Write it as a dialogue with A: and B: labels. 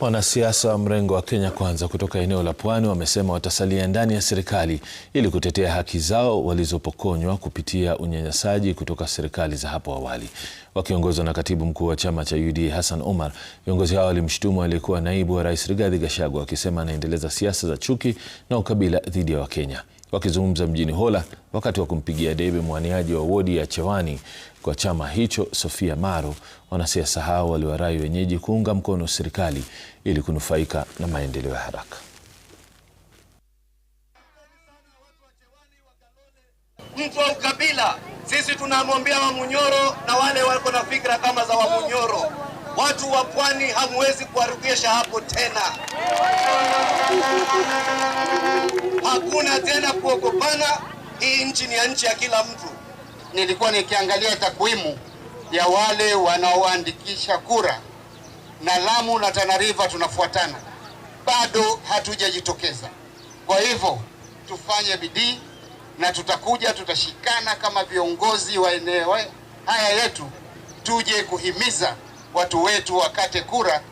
A: Wanasiasa wa mrengo wa Kenya Kwanza kutoka eneo la Pwani wamesema watasalia ndani ya serikali ili kutetea haki zao walizopokonywa kupitia unyanyasaji kutoka serikali za hapo awali. Wakiongozwa na katibu mkuu wa chama cha UDA Hassan Omar, viongozi hao walimshutumu aliyekuwa naibu wa rais Rigathi Gachagua wakisema anaendeleza siasa za chuki na ukabila dhidi ya Wakenya wakizungumza mjini Hola wakati wa kumpigia debe mwaniaji wa wodi ya Chewani kwa chama hicho Sofia Maro, wanasiasa hao waliwarai wenyeji kuunga mkono serikali ili kunufaika na maendeleo ya haraka.
B: Mtu wa ukabila, sisi tunamwambia Wamunyoro na wale wako na fikra kama za Wamunyoro. Watu wa pwani, hamwezi kuwarugesha hapo tena hakuna tena kuokopana. Hii nchi ni ya nchi ya kila mtu. Nilikuwa nikiangalia takwimu ya wale wanaoandikisha kura, na Lamu na Tana River tunafuatana, bado hatujajitokeza. Kwa hivyo tufanye bidii na tutakuja, tutashikana kama viongozi wa eneo haya yetu, tuje kuhimiza watu wetu wakate kura.